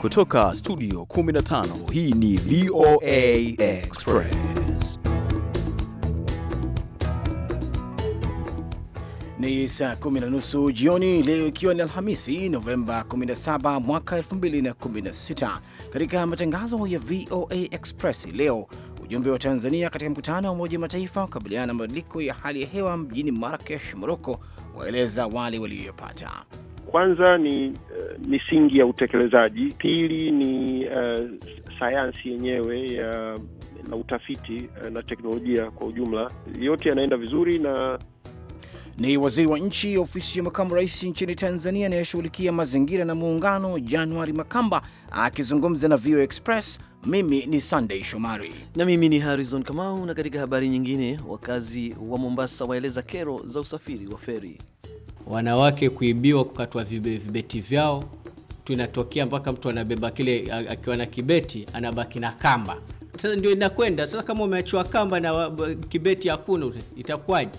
Kutoka studio 15 hii ni VOA Express. Ni saa kumi na nusu jioni leo, ikiwa ni Alhamisi Novemba 17 mwaka 2016. Katika matangazo ya VOA Express leo, ujumbe wa Tanzania katika mkutano wa Umoja Mataifa kukabiliana na mabadiliko ya hali ya hewa mjini marakesh Moroko, waeleza wale waliyopata kwanza ni uh, misingi ya utekelezaji, pili ni uh, sayansi yenyewe ya na utafiti eh, na teknolojia kwa ujumla, yote yanaenda vizuri. Na ni waziri wa nchi ofisi ya makamu rais nchini Tanzania anayeshughulikia mazingira na muungano, Januari Makamba akizungumza na VOA Express. Mimi ni Sunday Shomari na mimi ni Harrison Kamau. Na katika habari nyingine, wakazi wa Mombasa waeleza kero za usafiri wa feri wanawake kuibiwa, kukatwa vibeti vyao, tunatokea mpaka mtu anabeba kile akiwa na kibeti anabaki na kamba. Sasa ndio inakwenda sasa, kama umeachiwa kamba na kibeti hakuna, itakuwaje?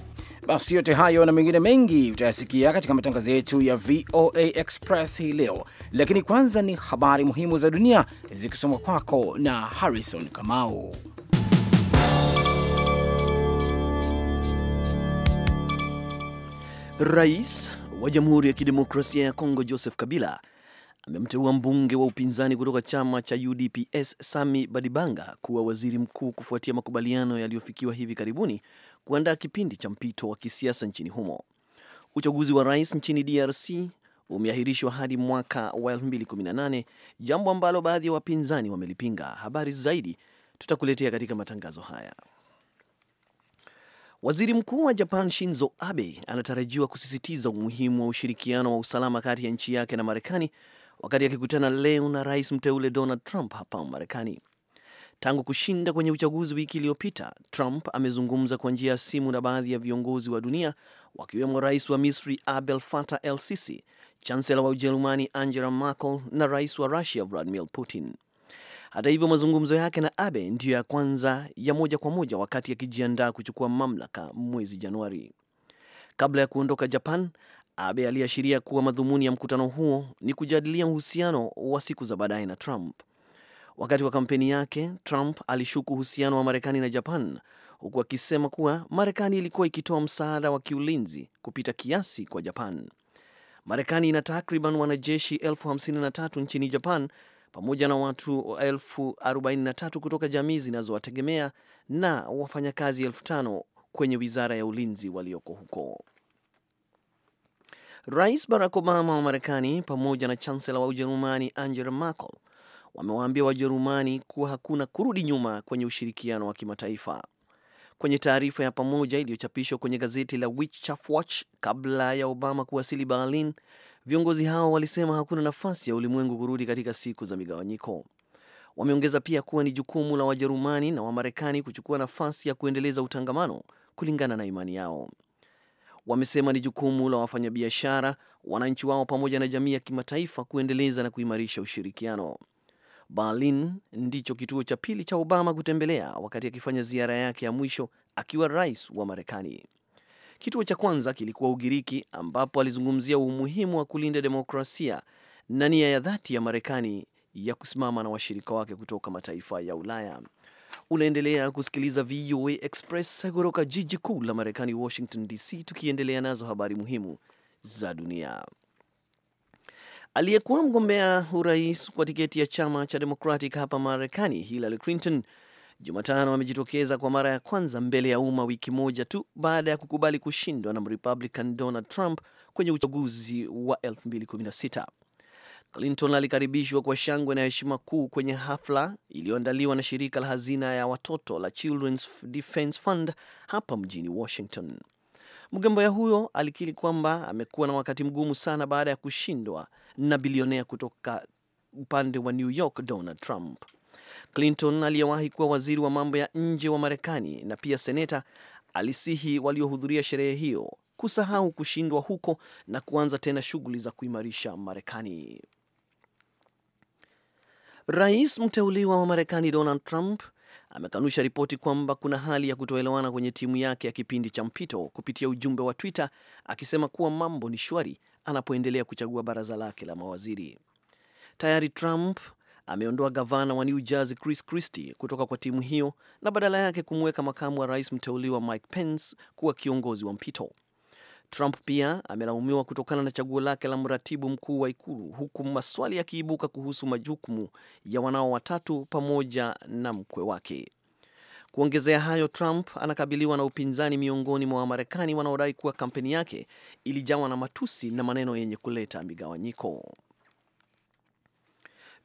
Basi yote hayo na mengine mengi utayasikia katika matangazo yetu ya VOA Express hii leo, lakini kwanza ni habari muhimu za dunia zikisomwa kwako na Harrison Kamau. Rais wa Jamhuri ya Kidemokrasia ya Kongo Joseph Kabila amemteua mbunge wa upinzani kutoka chama cha UDPS Sami Badibanga kuwa waziri mkuu kufuatia makubaliano yaliyofikiwa hivi karibuni kuandaa kipindi cha mpito wa kisiasa nchini humo. Uchaguzi wa rais nchini DRC umeahirishwa hadi mwaka wa 2018, jambo ambalo baadhi ya wapinzani wamelipinga. Habari zaidi tutakuletea katika matangazo haya. Waziri Mkuu wa Japan Shinzo Abe anatarajiwa kusisitiza umuhimu wa ushirikiano wa usalama kati ya nchi yake na Marekani wakati akikutana leo na rais mteule Donald Trump hapa Marekani. Tangu kushinda kwenye uchaguzi wiki iliyopita, Trump amezungumza kwa njia ya simu na baadhi ya viongozi wa dunia wakiwemo rais wa Misri Abdel Fattah el Sisi, chansela wa Ujerumani Angela Merkel na rais wa Russia Vladimir Putin. Hata hivyo, mazungumzo yake na Abe ndiyo ya kwanza ya moja kwa moja wakati akijiandaa kuchukua mamlaka mwezi Januari. Kabla ya kuondoka Japan, Abe aliashiria kuwa madhumuni ya mkutano huo ni kujadilia uhusiano wa siku za baadaye na Trump. Wakati wa kampeni yake, Trump alishuku uhusiano wa Marekani na Japan huku akisema kuwa Marekani ilikuwa ikitoa msaada wa kiulinzi kupita kiasi kwa Japan. Marekani ina takriban wanajeshi elfu hamsini na tatu nchini Japan pamoja na watu elfu 43 kutoka jamii zinazowategemea na wafanyakazi elfu tano kwenye wizara ya ulinzi walioko huko. Rais Barack Obama wa Marekani pamoja na chancela wa Ujerumani Angela Merkel wamewaambia Wajerumani kuwa hakuna kurudi nyuma kwenye ushirikiano wa kimataifa. Kwenye taarifa ya pamoja iliyochapishwa kwenye gazeti la Wirtschaftswoche kabla ya Obama kuwasili Berlin, viongozi hao walisema hakuna nafasi ya ulimwengu kurudi katika siku za migawanyiko. Wameongeza pia kuwa ni jukumu la Wajerumani na Wamarekani kuchukua nafasi ya kuendeleza utangamano kulingana na imani yao. Wamesema ni jukumu la wafanyabiashara, wananchi wao pamoja na jamii ya kimataifa kuendeleza na kuimarisha ushirikiano. Berlin ndicho kituo cha pili cha Obama kutembelea wakati akifanya ziara yake ya mwisho akiwa rais wa Marekani. Kituo cha kwanza kilikuwa Ugiriki, ambapo alizungumzia umuhimu wa kulinda demokrasia na nia ya dhati ya Marekani ya kusimama na washirika wake kutoka mataifa ya Ulaya. Unaendelea kusikiliza VOA Express kutoka jiji kuu la Marekani, Washington DC, tukiendelea nazo habari muhimu za dunia. Aliyekuwa mgombea urais kwa tiketi ya chama cha Democratic hapa Marekani, Hillary Clinton Jumatano amejitokeza kwa mara ya kwanza mbele ya umma wiki moja tu baada ya kukubali kushindwa na Mrepublican Donald Trump kwenye uchaguzi wa 2016. Clinton alikaribishwa kwa shangwe na heshima kuu kwenye hafla iliyoandaliwa na shirika la hazina ya watoto la Children's Defense Fund hapa mjini Washington. Mgombea huyo alikiri kwamba amekuwa na wakati mgumu sana baada ya kushindwa na bilionea kutoka upande wa New York Donald Trump. Clinton aliyewahi kuwa waziri wa mambo ya nje wa Marekani na pia seneta alisihi waliohudhuria sherehe hiyo kusahau kushindwa huko na kuanza tena shughuli za kuimarisha Marekani. Rais mteuliwa wa Marekani Donald Trump amekanusha ripoti kwamba kuna hali ya kutoelewana kwenye timu yake ya kipindi cha mpito kupitia ujumbe wa Twitter akisema kuwa mambo ni shwari anapoendelea kuchagua baraza lake la mawaziri. Tayari Trump ameondoa gavana wa New Jersey Chris Christie kutoka kwa timu hiyo na badala yake kumweka makamu wa rais mteuliwa Mike Pence kuwa kiongozi wa mpito. Trump pia amelaumiwa kutokana na chaguo lake la mratibu mkuu wa ikulu huku maswali yakiibuka kuhusu majukumu ya wanao watatu pamoja na mkwe wake. Kuongezea hayo, Trump anakabiliwa na upinzani miongoni mwa Wamarekani wanaodai kuwa kampeni yake ilijawa na matusi na maneno yenye kuleta migawanyiko.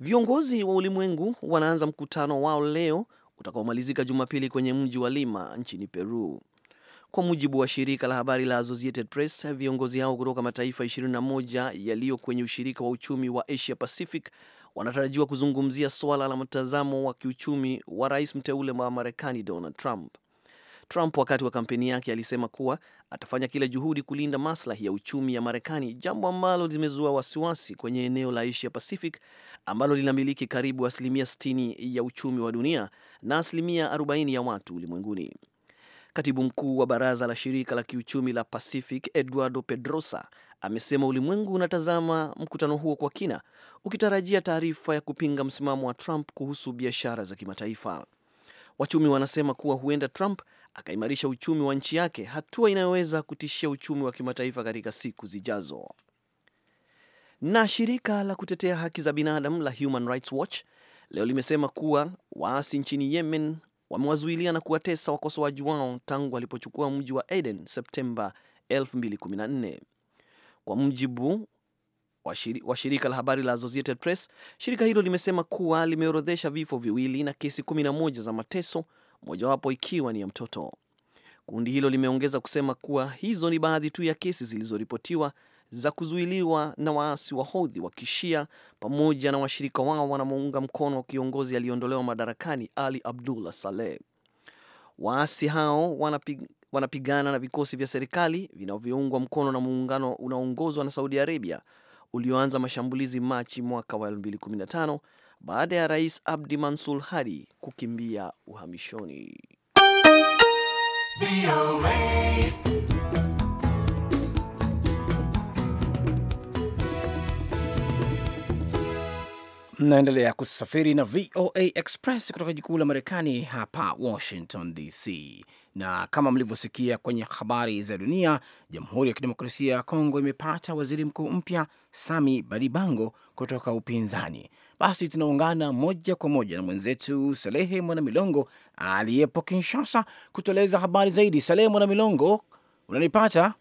Viongozi wa ulimwengu wanaanza mkutano wao leo utakaomalizika Jumapili kwenye mji wa Lima nchini Peru. Kwa mujibu wa shirika la habari la Associated Press, viongozi hao kutoka mataifa 21 yaliyo kwenye ushirika wa uchumi wa Asia Pacific wanatarajiwa kuzungumzia swala la mtazamo wa kiuchumi wa rais mteule wa Marekani Donald Trump. Trump wakati wa kampeni yake alisema kuwa atafanya kila juhudi kulinda maslahi ya uchumi ya Marekani, jambo ambalo limezua wasiwasi kwenye eneo la Asia Pacific ambalo linamiliki karibu asilimia 60 ya uchumi wa dunia na asilimia 40 ya watu ulimwenguni. Katibu mkuu wa baraza la shirika la kiuchumi la Pacific Eduardo Pedrosa amesema ulimwengu unatazama mkutano huo kwa kina, ukitarajia taarifa ya kupinga msimamo wa Trump kuhusu biashara za kimataifa. Wachumi wanasema kuwa huenda Trump akaimarisha uchumi wa nchi yake, hatua inayoweza kutishia uchumi wa kimataifa katika siku zijazo. Na shirika la kutetea haki za binadamu la Human Rights Watch leo limesema kuwa waasi nchini Yemen wamewazuilia na kuwatesa wakosoaji wao tangu walipochukua mji wa Aden Septemba 2014 kwa mujibu wa shirika la habari la Associated Press. Shirika hilo limesema kuwa limeorodhesha vifo viwili na kesi 11 za mateso, mojawapo ikiwa ni ya mtoto. Kundi hilo limeongeza kusema kuwa hizo ni baadhi tu ya kesi zilizoripotiwa za kuzuiliwa na waasi wa hodhi wa kishia pamoja na washirika wao wanamuunga mkono kiongozi aliyeondolewa madarakani Ali Abdullah Saleh. Waasi hao wanapig, wanapigana na vikosi vya serikali vinavyoungwa mkono na muungano unaoongozwa na Saudi Arabia ulioanza mashambulizi Machi mwaka wa 2015 baada ya Rais Abdi Mansur Hadi kukimbia uhamishoni. Mnaendelea kusafiri na VOA Express kutoka jikuu la Marekani hapa Washington DC, na kama mlivyosikia kwenye habari za dunia, Jamhuri ya Kidemokrasia ya Kongo imepata waziri mkuu mpya Sami Badibango kutoka upinzani. Basi tunaungana moja kwa moja na mwenzetu Salehe Mwanamilongo aliyepo Kinshasa kutueleza habari zaidi. Salehe Mwanamilongo, unanipata?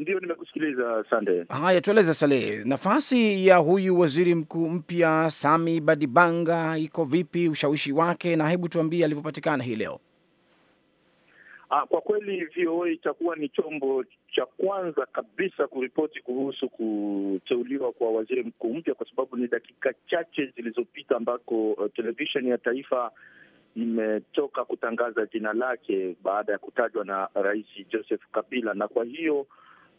Ndio, nimekusikiliza Sande. Haya, tueleze Salehe, nafasi ya huyu waziri mkuu mpya Sami Badibanga iko vipi, ushawishi wake, na hebu tuambie alivyopatikana hii leo. Ah, kwa kweli VOA itakuwa ni chombo cha kwanza kabisa kuripoti kuhusu kuteuliwa kwa waziri mkuu mpya, kwa sababu ni dakika chache zilizopita ambako uh, televisheni ya taifa imetoka kutangaza jina lake baada ya kutajwa na Rais Joseph Kabila, na kwa hiyo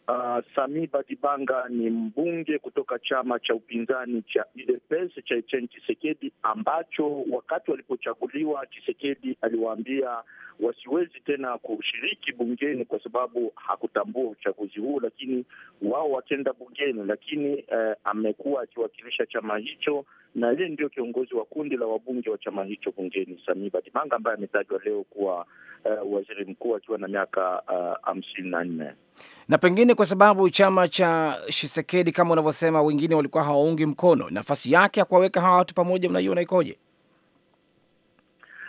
Uh, Sami Badibanga ni mbunge kutoka chama cha upinzani cha UDPS cha Etienne Chisekedi, ambacho wakati walipochaguliwa chisekedi aliwaambia wasiwezi tena kushiriki bungeni kwa sababu hakutambua uchaguzi huu, lakini wao watenda bungeni. Lakini eh, amekuwa akiwakilisha chama hicho na yeye ndio kiongozi wa kundi la wabunge wa chama hicho bungeni, Samii badibanga ambaye ametajwa leo kuwa eh, waziri mkuu akiwa na miaka eh, hamsini na nne na pengine kwa sababu chama cha Shisekedi kama unavyosema, wengine walikuwa hawaungi mkono nafasi yake ya kuwaweka hawa watu pamoja, mnaiona ikoje?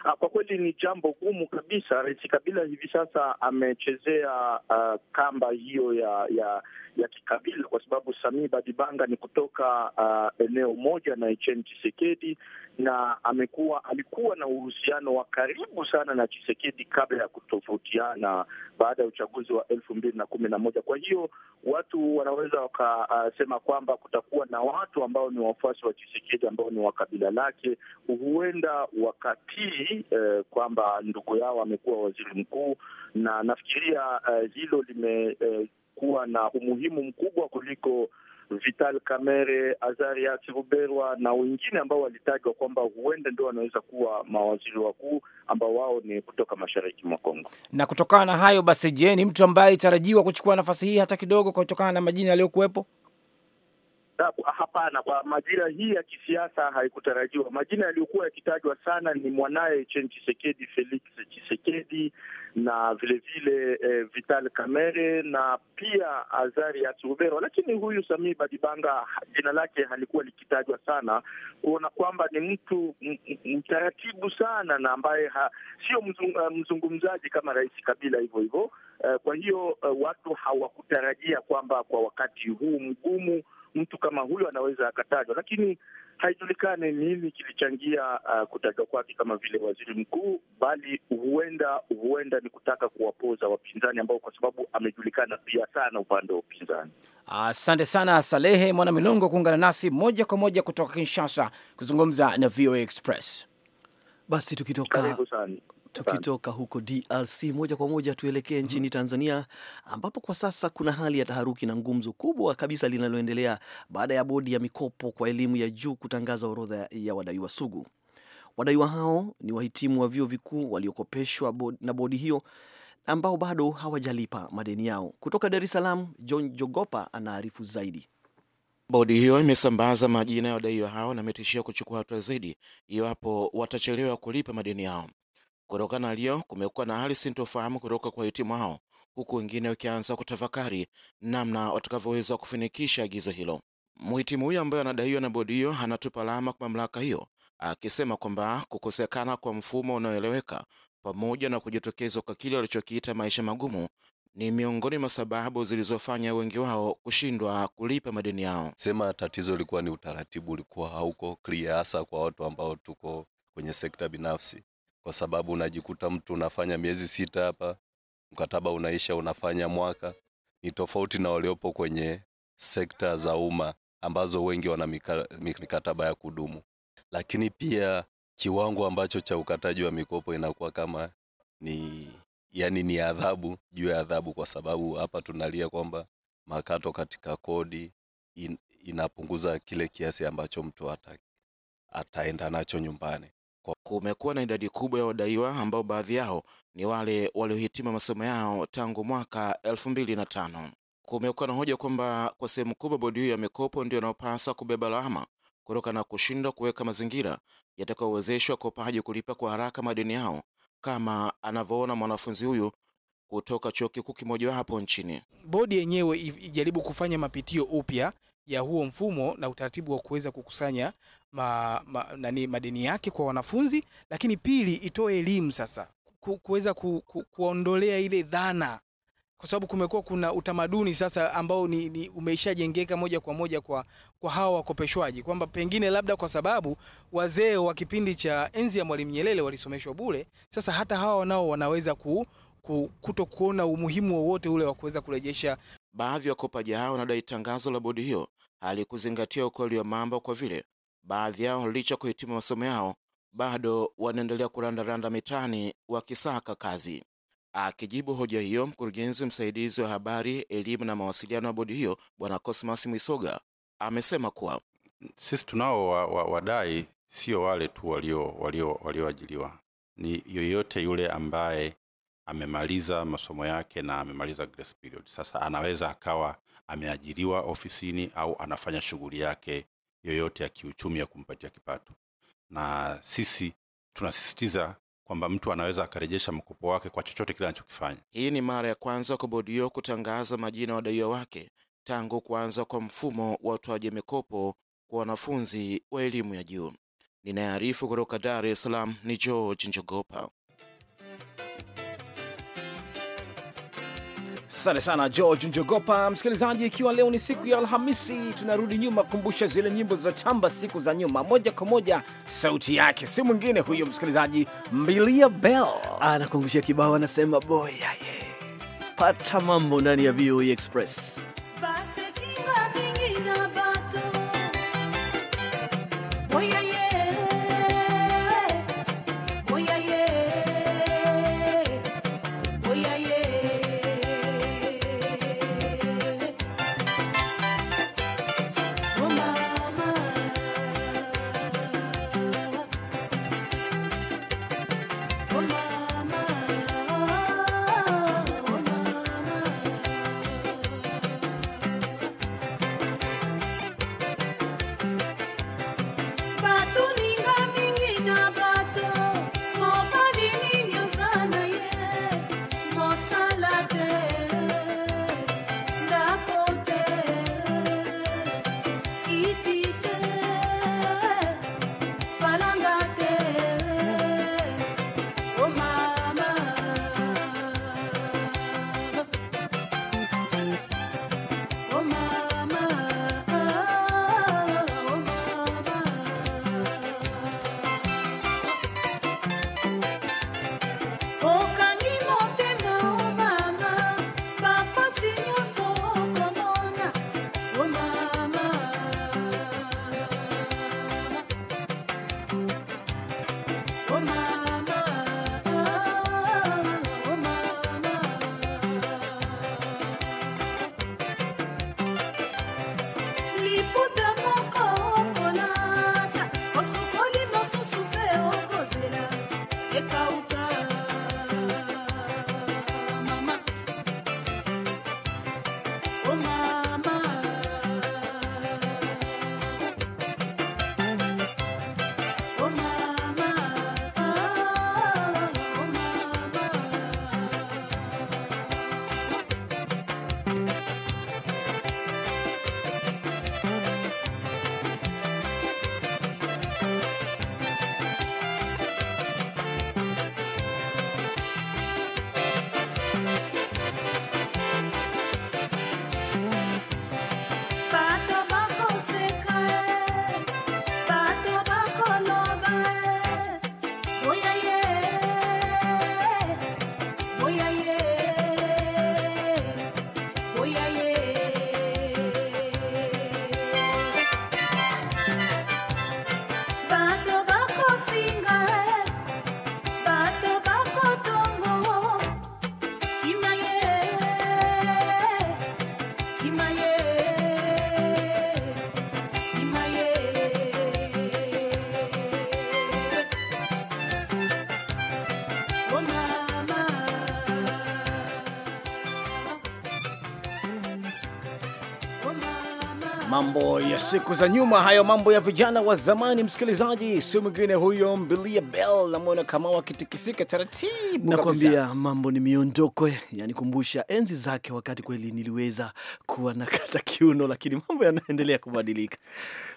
Ah, kwa kweli ni jambo gumu kabisa. Rais Kabila hivi sasa amechezea uh, kamba hiyo ya ya ya kikabila, kwa sababu Samii Badibanga ni kutoka uh, eneo moja na Etienne chisekedi na amekuwa alikuwa na uhusiano wa karibu sana na chisekedi kabla ya kutofautiana baada ya uchaguzi wa elfu mbili na kumi na moja. Kwa hiyo watu wanaweza wakasema uh, kwamba kutakuwa na watu ambao ni wafuasi wa chisekedi ambao ni wa kabila lake, huenda wakatii eh, kwamba ndugu yao amekuwa waziri mkuu, na nafikiria uh, hilo lime eh, kuwa na umuhimu mkubwa kuliko Vital Kamerhe, Azarias Ruberwa na wengine ambao walitajwa kwamba huenda ndio wanaweza kuwa mawaziri wakuu ambao wao ni kutoka mashariki mwa Kongo. Na kutokana na hayo basi, je, ni mtu ambaye alitarajiwa kuchukua nafasi hii hata kidogo kutokana na majina yaliyokuwepo? Ah, hapana, kwa majira hii ya kisiasa haikutarajiwa. Majina yaliyokuwa yakitajwa sana ni mwanaye chen chisekedi Felix chisekedi na vilevile vile, eh, Vital Kamerhe na pia Azari Asubero, lakini huyu samii Badibanga jina lake halikuwa likitajwa sana, kuona kwamba ni mtu mtaratibu sana na ambaye sio mzung, eh, mzungumzaji kama Rais Kabila hivyo hivyo. Eh, kwa hiyo eh, watu hawakutarajia kwamba kwa wakati huu mgumu mtu kama huyo anaweza akatajwa, lakini haijulikane nini kilichangia uh, kutajwa kwake kama vile waziri mkuu, bali huenda huenda ni kutaka kuwapoza wapinzani ambao kwa sababu amejulikana pia sana upande wa upinzani. Asante uh, sana Salehe Mwana Milongo kuungana nasi moja kwa moja kutoka Kinshasa kuzungumza na VOA Express. Basi tukitoka Tukitoka huko DRC moja kwa moja tuelekee mhm. nchini mm -hmm. Tanzania ambapo kwa sasa kuna hali ya taharuki na ngumzo kubwa kabisa linaloendelea baada ya bodi ya mikopo kwa elimu ya juu kutangaza orodha ya wadaiwa sugu. Wadaiwa hao ni wahitimu wa vyuo vikuu waliokopeshwa na bodi hiyo ambao bado hawajalipa madeni yao. Kutoka Dar es Salaam, John Jogopa anaarifu zaidi. Bodi hiyo imesambaza majina ya wadaiwa hao na imetishia kuchukua hatua zaidi iwapo watachelewa kulipa madeni yao. Kutokana na kumekuwa na hali sintofahamu kutoka kwa wahitimu hao, huku wengine wakianza kutafakari namna watakavyoweza kufanikisha agizo hilo. Mhitimu huyo ambaye anadaiwa na bodi hiyo anatupa alama kwa mamlaka hiyo, akisema kwamba kukosekana kwa mfumo unaoeleweka pamoja na kujitokeza kwa kile alichokiita maisha magumu ni miongoni mwa sababu zilizofanya wengi wao kushindwa kulipa madeni yao. Sema tatizo ilikuwa ni utaratibu ulikuwa hauko clear, hasa kwa watu ambao tuko kwenye sekta binafsi kwa sababu unajikuta mtu unafanya miezi sita hapa, mkataba unaisha, unafanya mwaka. Ni tofauti na waliopo kwenye sekta za umma ambazo wengi wana mikataba ya kudumu, lakini pia kiwango ambacho cha ukataji wa mikopo inakuwa kama ni yani ni adhabu juu ya adhabu, kwa sababu hapa tunalia kwamba makato katika kodi in, inapunguza kile kiasi ambacho mtu ataki ataenda nacho nyumbani kwa kumekuwa na idadi kubwa ya wadaiwa ambao baadhi yao ni wale waliohitima masomo yao tangu mwaka elfu mbili na tano. Kumekuwa na hoja kwamba kwa sehemu kubwa bodi hiyo ya mikopo ndio inayopaswa kubeba lawama kutokana na kushindwa kuweka mazingira yatakayowezesha wakopaji kulipa kwa haraka madeni yao, kama anavyoona mwanafunzi huyu kutoka chuo kikuu kimojawapo nchini. Bodi yenyewe ijaribu kufanya mapitio upya ya huo mfumo na utaratibu wa kuweza kukusanya ma, ma, nani, madeni yake kwa wanafunzi, lakini pili itoe elimu sasa kuweza ku, ku, kuondolea ile dhana kwa sababu kumekuwa kuna utamaduni sasa ambao ni, ni umeshajengeka moja kwa moja kwa, kwa hawa wakopeshwaji kwamba pengine labda kwa sababu wazee wa kipindi cha enzi ya Mwalimu Nyerere walisomeshwa bure, sasa hata hawa nao wanaweza ku, ku, kuto kuona umuhimu wowote ule wa kuweza kurejesha. Baadhi ya wakopaji hao wanadai tangazo la bodi hiyo halikuzingatia ukweli wa mambo kwa vile Baadhi yao licha kuhitimu masomo yao bado wanaendelea kurandaranda mitani wakisaka kazi. Akijibu hoja hiyo, mkurugenzi msaidizi wa habari, elimu na mawasiliano ya bodi hiyo Bwana Cosmas Mwisoga amesema kuwa sisi tunao wadai wa, wa sio wale tu walioajiliwa walio, walio ni yoyote yule ambaye amemaliza masomo yake na amemaliza grace period. Sasa anaweza akawa ameajiriwa ofisini au anafanya shughuli yake yoyote ya kiuchumi ya kumpatia kipato, na sisi tunasisitiza kwamba mtu anaweza akarejesha mkopo wake kwa chochote kile anachokifanya. Hii ni mara ya kwanza kwa bodi hiyo kutangaza majina ya wadaiwa wake tangu kuanza kwa mfumo wa utoaji mikopo kwa wanafunzi wa elimu ya juu. Ninayearifu kutoka Dar es Salaam ni George Njogopa. Asante sana George Njogopa. Msikilizaji, ikiwa leo ni siku ya Alhamisi, tunarudi nyuma kukumbusha zile nyimbo tamba siku za nyuma. Moja kwa moja, sauti yake si mwingine huyo, msikilizaji, Mbilia Bel anakumbusha kibao, anasema boy yeah, yeah. Pata mambo ndani ya VOA e Express. mambo ya siku za nyuma, hayo mambo ya vijana wa zamani. Msikilizaji, si mwingine huyo Mbilia Bel, namwona kama wakitikisika taratibu. Nakwambia mambo ni miondoko, yanikumbusha enzi zake, wakati kweli niliweza kuwa na kata kiuno, lakini mambo yanaendelea kubadilika.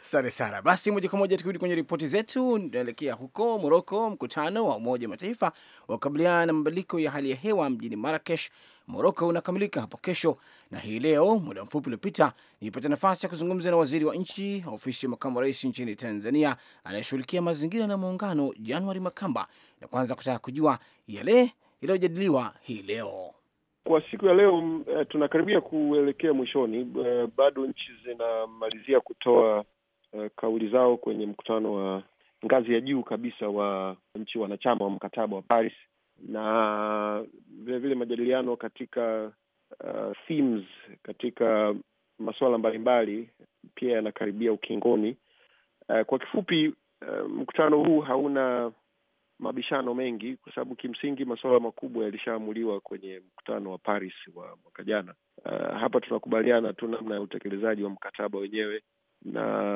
Sante sana. Basi moja kwa moja tukirudi kwenye ripoti zetu, naelekea huko Moroko. Mkutano wa Umoja wa Mataifa wa kukabiliana na mabadiliko ya hali ya hewa mjini Marakesh Moroko unakamilika hapo kesho, na hii leo muda mfupi uliopita nilipata nafasi ya kuzungumza na waziri wa nchi ofisi ya makamu wa rais nchini Tanzania anayeshughulikia mazingira na muungano, Januari Makamba, na kwanza kutaka kujua yale yaliyojadiliwa hii leo. Kwa siku ya leo uh, tunakaribia kuelekea mwishoni. Uh, bado nchi zinamalizia kutoa uh, kauli zao kwenye mkutano wa ngazi ya juu kabisa wa nchi wanachama wa mkataba wa Paris na vilevile majadiliano katika uh, themes katika masuala mbalimbali pia yanakaribia ukingoni. Uh, kwa kifupi uh, mkutano huu hauna mabishano mengi kwa sababu kimsingi masuala makubwa yalishaamuliwa kwenye mkutano wa Paris wa mwaka jana. Uh, hapa tunakubaliana tu namna ya utekelezaji wa mkataba wenyewe na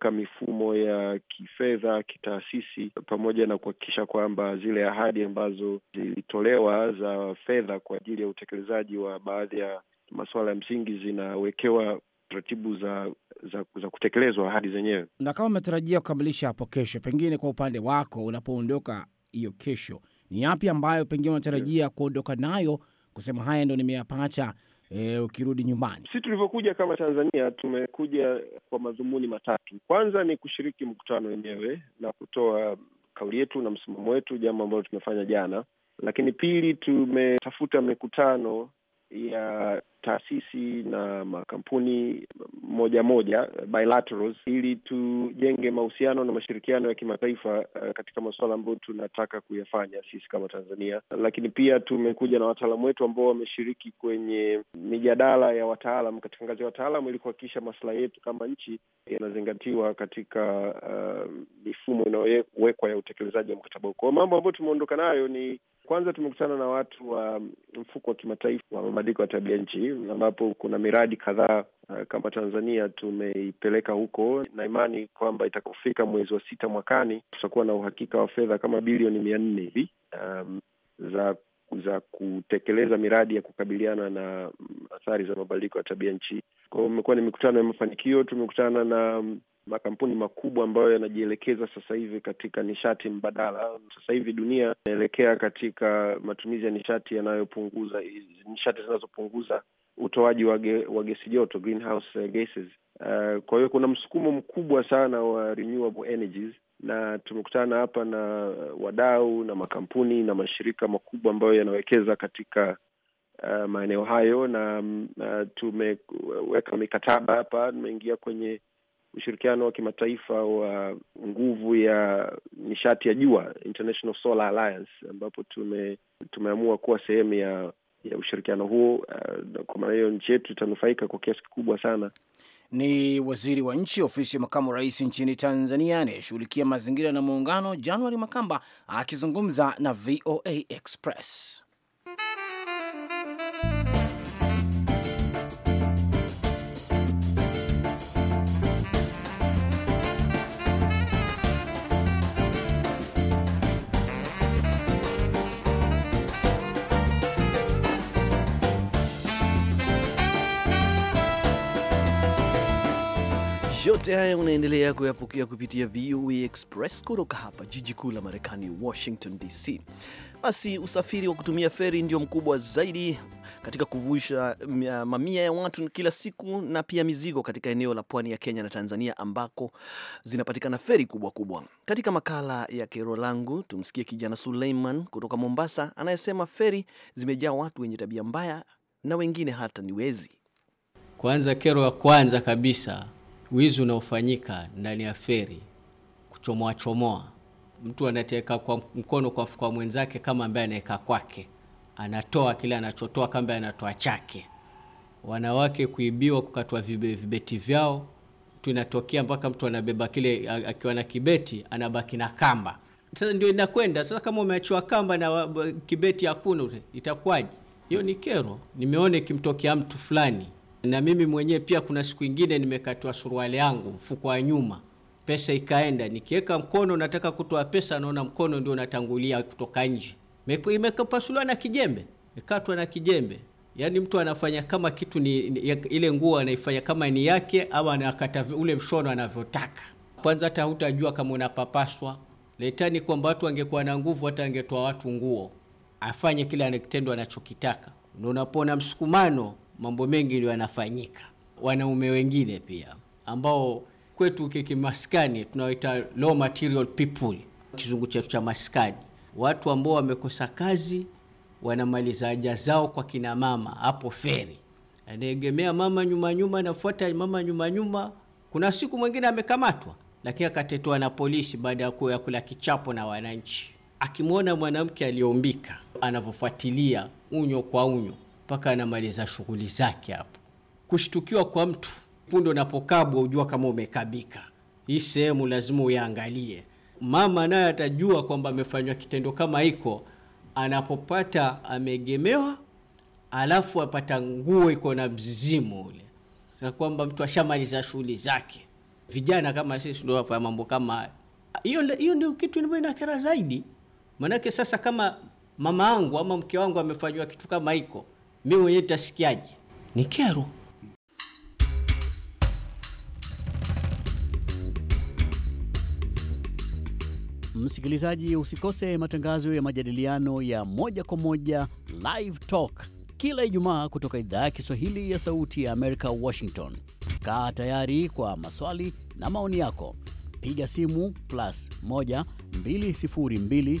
kuweka mifumo ya kifedha, kitaasisi, pamoja na kuhakikisha kwamba zile ahadi ambazo zilitolewa za fedha kwa ajili ya utekelezaji wa baadhi ya masuala ya msingi zinawekewa taratibu za za, za kutekelezwa ahadi zenyewe. Na kama umetarajia kukamilisha hapo kesho, pengine kwa upande wako unapoondoka hiyo kesho, ni yapi ambayo pengine unatarajia kuondoka nayo kusema haya ndo nimeyapata e, ukirudi nyumbani? Sisi tulivyokuja kama Tanzania tumekuja kwa madhumuni matatu. Kwanza ni kushiriki mkutano wenyewe na kutoa kauli yetu na msimamo wetu, jambo ambalo tumefanya jana. Lakini pili, tumetafuta mikutano ya taasisi na makampuni moja moja bilaterals, ili tujenge mahusiano na mashirikiano ya kimataifa eh, katika masuala ambayo tunataka kuyafanya sisi kama Tanzania. Lakini pia tumekuja na wataalamu wetu ambao wameshiriki kwenye mijadala ya wataalam katika ngazi ya wataalam, ili kuhakikisha maslahi yetu kama nchi yanazingatiwa katika eh, mifumo inayowekwa ya utekelezaji wa mkataba huu. Kwa mambo ambayo tumeondoka nayo ni kwanza tumekutana na watu wa mfuko wa kimataifa wa mabadiliko ya tabia nchi, ambapo kuna miradi kadhaa eh, kama Tanzania tumeipeleka huko, na imani kwamba itakapofika mwezi wa sita mwakani tutakuwa na uhakika wa fedha kama bilioni mia nne hivi um, za za kutekeleza miradi ya kukabiliana na mm, athari za mabadiliko ya tabia nchi. kwao imekuwa ni mikutano ya mafanikio. Tumekutana na mm, makampuni makubwa ambayo yanajielekeza sasa hivi katika nishati mbadala. Sasa hivi dunia inaelekea katika matumizi ya nishati yanayopunguza, nishati zinazopunguza utoaji wa gesi joto greenhouse gases. Uh, kwa hiyo kuna msukumo mkubwa sana wa renewable energies, na tumekutana hapa na wadau na makampuni na mashirika makubwa ambayo yanawekeza katika uh, maeneo hayo na uh, tumeweka mikataba hapa, tumeingia kwenye ushirikiano wa kimataifa wa nguvu ya nishati ya jua International Solar Alliance, ambapo tume tumeamua kuwa sehemu ya ya ushirikiano huo. Uh, kwa maana hiyo nchi yetu itanufaika kwa kiasi kikubwa sana. Ni waziri wa nchi ofisi ya makamu wa rais nchini Tanzania anayeshughulikia mazingira na muungano, januari Makamba akizungumza na VOA Express. Yote haya unaendelea kuyapokea kupitia VOA Express kutoka hapa jiji kuu la Marekani, Washington DC. Basi usafiri wa kutumia feri ndio mkubwa zaidi katika kuvusha mamia ya watu kila siku na pia mizigo katika eneo la pwani ya Kenya na Tanzania ambako zinapatikana feri kubwa kubwa. Katika makala ya Kero Langu tumsikie kijana Suleiman kutoka Mombasa anayesema feri zimejaa watu wenye tabia mbaya na wengine hata ni wezi. Kwanza, kero ya kwanza kabisa wizi unaofanyika ndani ya feri, kuchomoa chomoa, mtu anateka kwa mkono kwa mfuko mwenzake kama ambaye anaeka kwake, anatoa kile anachotoa kama ambaye anatoa chake, wanawake kuibiwa, kukatwa vibe, vibeti vyao, tunatokea mpaka mtu anabeba kile akiwa na kibeti anabaki na kamba. Sasa ndio inakwenda sasa. Kama umeachiwa kamba na kibeti hakuna, itakuwaji Hiyo ni kero. Nimeona ikimtokea mtu fulani na mimi mwenyewe pia kuna siku ingine nimekatwa suruali yangu mfuko wa nyuma, pesa ikaenda, nikiweka mkono nataka kutoa pesa, naona mkono ndio unatangulia kutoka nje, imekapasuliwa na kijembe, ikatwa na kijembe. Yaani mtu anafanya kama kitu ni, ni ile nguo anaifanya kama ni yake, au anakata ule mshono anavyotaka. Kwanza hata hutajua kama unapapaswa. Letani kwamba watu wangekuwa na nguvu, hata angetoa watu nguo afanye kile kitendo anachokitaka. Unapona msukumano mambo mengi ndio yanafanyika. Wanaume wengine pia ambao kwetu kiki maskani low material people, kizungu chetu cha maskani, watu ambao wamekosa kazi wanamaliza haja zao kwa kina mama hapo feri, anaegemea mama nyuma nyuma, anafuata mama nyuma nyuma. Kuna siku mwingine amekamatwa, lakini akatetewa na polisi baada ya kula kichapo na wananchi, akimwona mwanamke aliyoumbika anavyofuatilia unyo kwa unyo mpaka anamaliza shughuli zake hapo. Kushtukiwa kwa mtu punde unapokabwa, ujua kama umekabika. Hii sehemu lazima uyaangalie. Mama naye atajua kwamba amefanywa kitendo kama hiko anapopata amegemewa, alafu apata nguo iko na mzizimu ule, sa kwamba mtu ashamaliza shughuli zake. Vijana kama sisi tunafanya mambo kama hiyo, hiyo ndio kitu inakera zaidi. Maanake sasa kama mama angu ama mke wangu amefanywa kitu kama hiko mimi mwenyewe nitasikiaje? Ni kero. Msikilizaji, usikose matangazo ya majadiliano ya moja kwa moja Live Talk kila Ijumaa kutoka idhaa ya Kiswahili ya Sauti ya Amerika, Washington. Kaa tayari kwa maswali na maoni yako, piga simu plus 1 202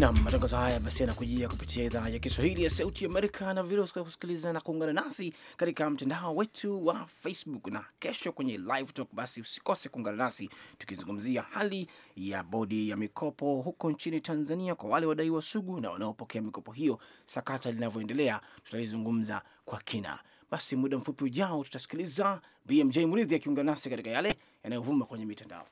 Nam, matangazo haya basi yanakujia kupitia idhaa ya Kiswahili ya Sauti Amerika, na vile usikose kusikiliza na kuungana nasi katika mtandao wetu wa Facebook na kesho kwenye live talk. Basi usikose kuungana nasi tukizungumzia hali ya bodi ya mikopo huko nchini Tanzania kwa wale wadai wa sugu na wanaopokea mikopo hiyo, sakata linavyoendelea, tutalizungumza kwa kina. Basi muda mfupi ujao tutasikiliza BMJ Muridhi akiungana nasi katika yale yanayovuma kwenye mitandao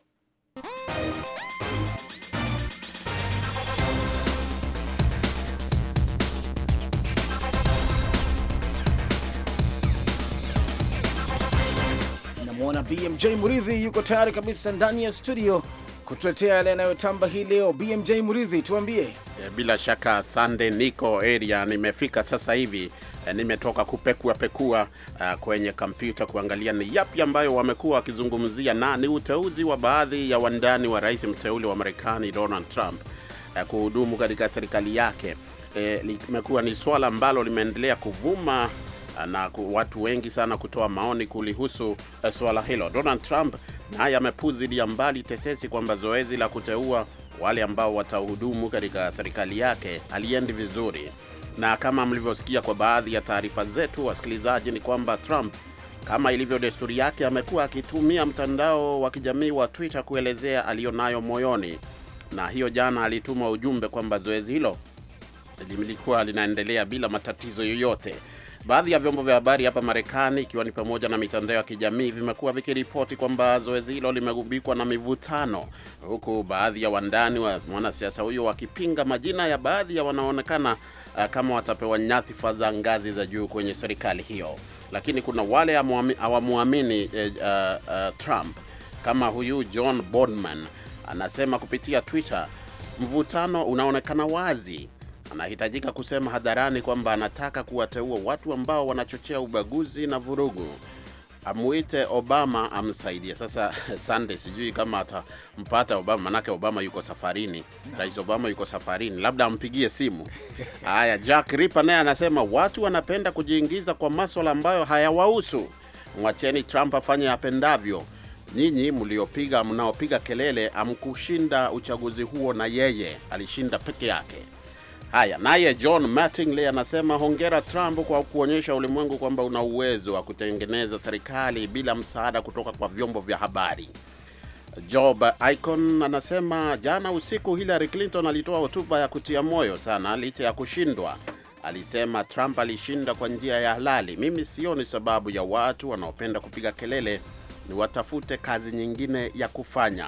namwona BMJ Muridhi yuko tayari kabisa ndani ya studio kutuletea yale yanayotamba hii leo. BMJ Muridhi, tuambie. E, bila shaka sande, niko area, nimefika sasa hivi e, nimetoka kupekua pekua uh, kwenye kompyuta kuangalia ni yapi ambayo wamekuwa wakizungumzia, na ni uteuzi wa baadhi ya wandani wa rais mteule wa Marekani Donald Trump uh, kuhudumu katika serikali yake. limekuwa ni swala ambalo limeendelea kuvuma na watu wengi sana kutoa maoni kulihusu eh, suala hilo. Donald Trump naye amepuzilia mbali tetesi kwamba zoezi la kuteua wale ambao watahudumu katika serikali yake aliendi vizuri, na kama mlivyosikia kwa baadhi ya taarifa zetu, wasikilizaji, ni kwamba Trump kama ilivyo desturi yake amekuwa akitumia mtandao wa kijamii wa Twitter kuelezea aliyonayo moyoni, na hiyo jana alituma ujumbe kwamba zoezi hilo lilikuwa linaendelea bila matatizo yoyote. Baadhi ya vyombo vya habari hapa Marekani, ikiwa ni pamoja na mitandao ya kijamii, vimekuwa vikiripoti kwamba zoezi hilo limegubikwa na mivutano, huku baadhi ya wandani wa mwanasiasa huyo wakipinga majina ya baadhi ya wanaonekana ah, kama watapewa nyadhifa za ngazi za juu kwenye serikali hiyo, lakini kuna wale hawamwamini eh, uh, uh, Trump kama huyu John Bodman anasema kupitia Twitter, mvutano unaonekana wazi anahitajika kusema hadharani kwamba anataka kuwateua watu ambao wanachochea ubaguzi na vurugu. Amwite Obama amsaidie. Sasa Sande, sijui kama atampata Obama, manake Obama yuko safarini Rais Obama yuko safarini, labda ampigie simu. Haya, Jack Ripa naye anasema watu wanapenda kujiingiza kwa maswala ambayo hayawahusu. Mwacheni Trump afanye apendavyo. Nyinyi mliopiga mnaopiga kelele, amkushinda uchaguzi huo, na yeye alishinda peke yake. Haya, naye John Mattingly anasema hongera Trump kwa kuonyesha ulimwengu kwamba una uwezo wa kutengeneza serikali bila msaada kutoka kwa vyombo vya habari. Job Icon anasema jana usiku Hillary Clinton alitoa hotuba ya kutia moyo sana licha ya kushindwa. Alisema Trump alishinda kwa njia ya halali. Mimi sioni sababu ya watu wanaopenda kupiga kelele ni watafute kazi nyingine ya kufanya.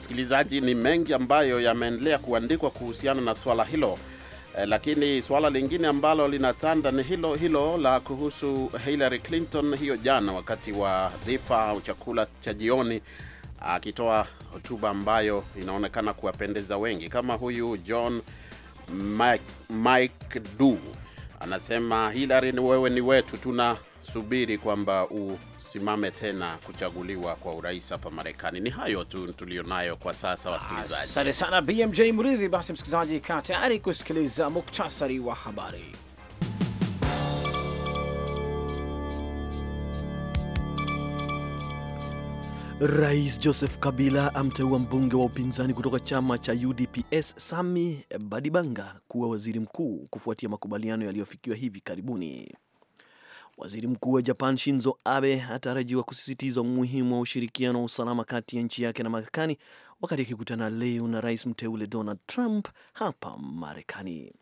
Msikilizaji, ni mengi ambayo yameendelea kuandikwa kuhusiana na swala hilo. E, lakini swala lingine ambalo linatanda ni hilo hilo la kuhusu Hillary Clinton hiyo jana wakati wa dhifa chakula cha jioni akitoa hotuba ambayo inaonekana kuwapendeza wengi kama huyu John Mike, Mike Du anasema Hillary, ni wewe ni wetu, tunasubiri kwamba asimame tena kuchaguliwa kwa urais hapa Marekani. Ni hayo tu tulionayo kwa sasa, wasikilizaji. Asante sana BMJ Mridhi. Basi msikilizaji, kaa tayari kusikiliza muktasari wa habari. Rais Joseph Kabila amteua mbunge wa upinzani kutoka chama cha UDPS Sami Badibanga kuwa waziri mkuu kufuatia makubaliano yaliyofikiwa hivi karibuni. Waziri Mkuu wa Japan Shinzo Abe atarajiwa kusisitiza umuhimu wa ushirikiano wa usalama kati ya nchi yake na Marekani wakati akikutana leo na rais mteule Donald Trump hapa Marekani.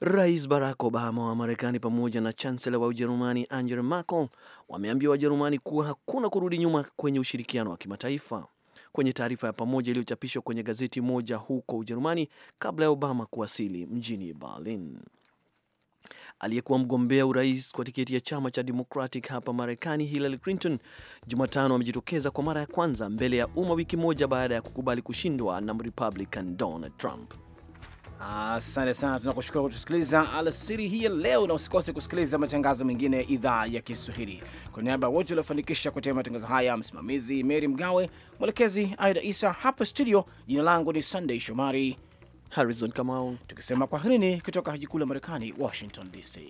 Rais Barack Obama wa Marekani pamoja na chansela wa Ujerumani Angela Merkel wameambia Wajerumani kuwa hakuna kurudi nyuma kwenye ushirikiano wa kimataifa. Kwenye taarifa ya pamoja iliyochapishwa kwenye gazeti moja huko Ujerumani kabla ya Obama kuwasili mjini Berlin aliyekuwa mgombea urais kwa tiketi ya chama cha Democratic hapa Marekani, Hillary Clinton, Jumatano amejitokeza kwa mara ya kwanza mbele ya umma wiki moja baada ya kukubali kushindwa na Republican Donald Trump. Asante sana, tunakushukuru kutusikiliza alasiri hii leo, na usikose kusikiliza matangazo mengine ya idhaa ya Kiswahili. Kwa niaba ya wote waliofanikisha kutia matangazo haya, msimamizi mary Mgawe, mwelekezi Aida Isa hapa studio, jina langu ni Sunday Shomari. Harrison Kamau tukisema kwaherini kutoka jiji kuu la Marekani, Washington DC.